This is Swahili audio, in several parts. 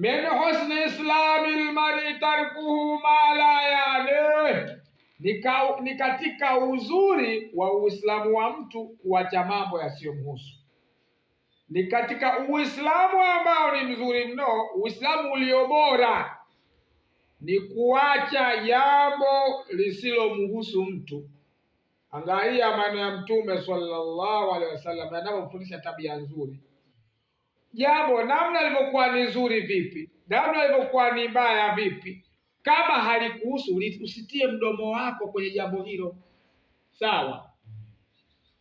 min husni islamil mar'i tarkuhu ma la ya'ni, ni katika uzuri wa Uislamu wa mtu kuacha mambo yasiyomhusu. Ni katika Uislamu ambao ni mzuri mno, Uislamu ulio bora ni kuacha jambo lisilomhusu mtu. Angalia maana ya Mtume sallallahu alaihi wasallam yanapofundisha tabia nzuri jambo namna alivyokuwa ni nzuri vipi, namna lilivyokuwa ni mbaya vipi, kama halikuhusu usitie mdomo wako kwenye jambo hilo, sawa?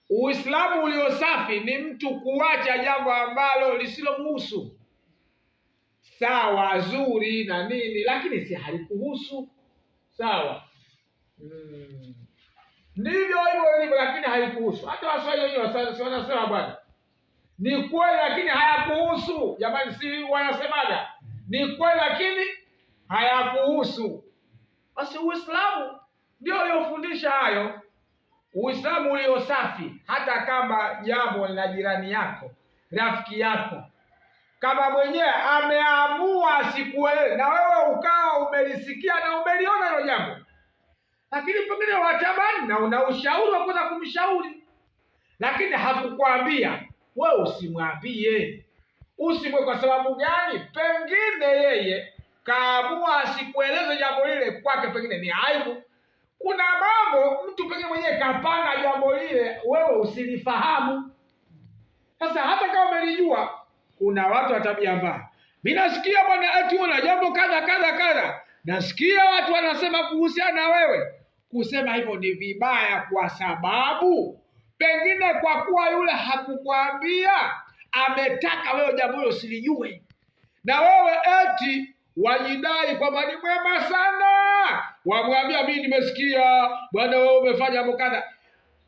Uislamu ulio safi ni mtu kuacha jambo ambalo lisilomhusu, sawa, zuri na nini, lakini si halikuhusu, sawa? Hmm. Ndivyo hivyo ilivyo, lakini haikuhusu. Hata waswahili wenyewe wanasema bwana ni kweli lakini hayakuhusu. Jamani, si wanasemaga ni kweli lakini hayakuhusu? Basi Uislamu ndio uliofundisha hayo, Uislamu ulio safi. Hata kama jambo la jirani yako, rafiki yako, kama mwenyewe ameamua asikuelewe, na wewe ukawa umelisikia na umeliona hilo jambo, lakini pengine watamani na una ushauri wa kuweza kumshauri, lakini hakukwambia we usimwambie. Usimwe kwa sababu gani? Pengine yeye kaamua asikueleze jambo lile, kwake pengine ni aibu. Kuna mambo mtu pengine mwenyewe kapanga jambo lile, wewe usilifahamu. Sasa hata kama umelijua, kuna watu wa tabia mbaya. Minasikia bwana, eti una jambo kadha kadha kadha, nasikia watu wanasema kuhusiana na wewe. Kusema hivyo ni vibaya, kwa sababu Pengine kwa kuwa yule hakukwambia, ametaka wewe jambo hilo usilijue, na wewe eti wajidai kwamba ni mwema sana, wamwambia mimi nimesikia bwana, wewe umefanya mkada.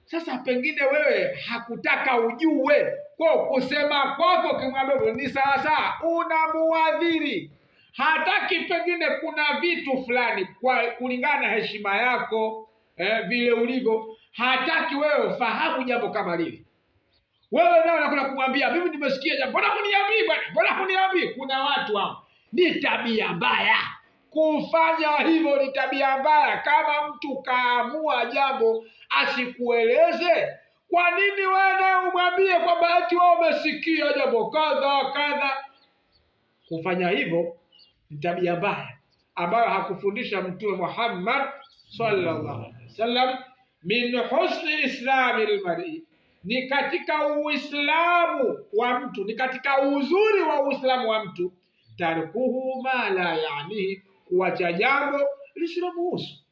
Sasa pengine wewe hakutaka ujue, kwa kusema kwako kimwambia ni sawasawa, unamuadhiri. Hataki pengine kuna vitu fulani kwa kulingana na heshima yako eh, vile ulivyo hataki wewe ufahamu jambo kama lile. Wewe nao nakuna kumwambia mimi nimesikia jambo, mbona huniambii bwana, mbona huniambii? Kuna watu hao ni tabia mbaya kufanya hivyo, ni tabia mbaya. Kama mtu kaamua jambo asikueleze, kwa nini wewe naye umwambie kwamba ati wewe umesikia jambo kadha kadha? Kufanya hivyo ni tabia mbaya ambayo hakufundisha Mtume Muhammad sallallahu alaihi wasallam min husni islami lmari, ni katika uislamu wa mtu, ni katika uzuri wa uislamu wa mtu, tarkuhu ma la yaanihi, kuwacha jambo lisilomuhusu.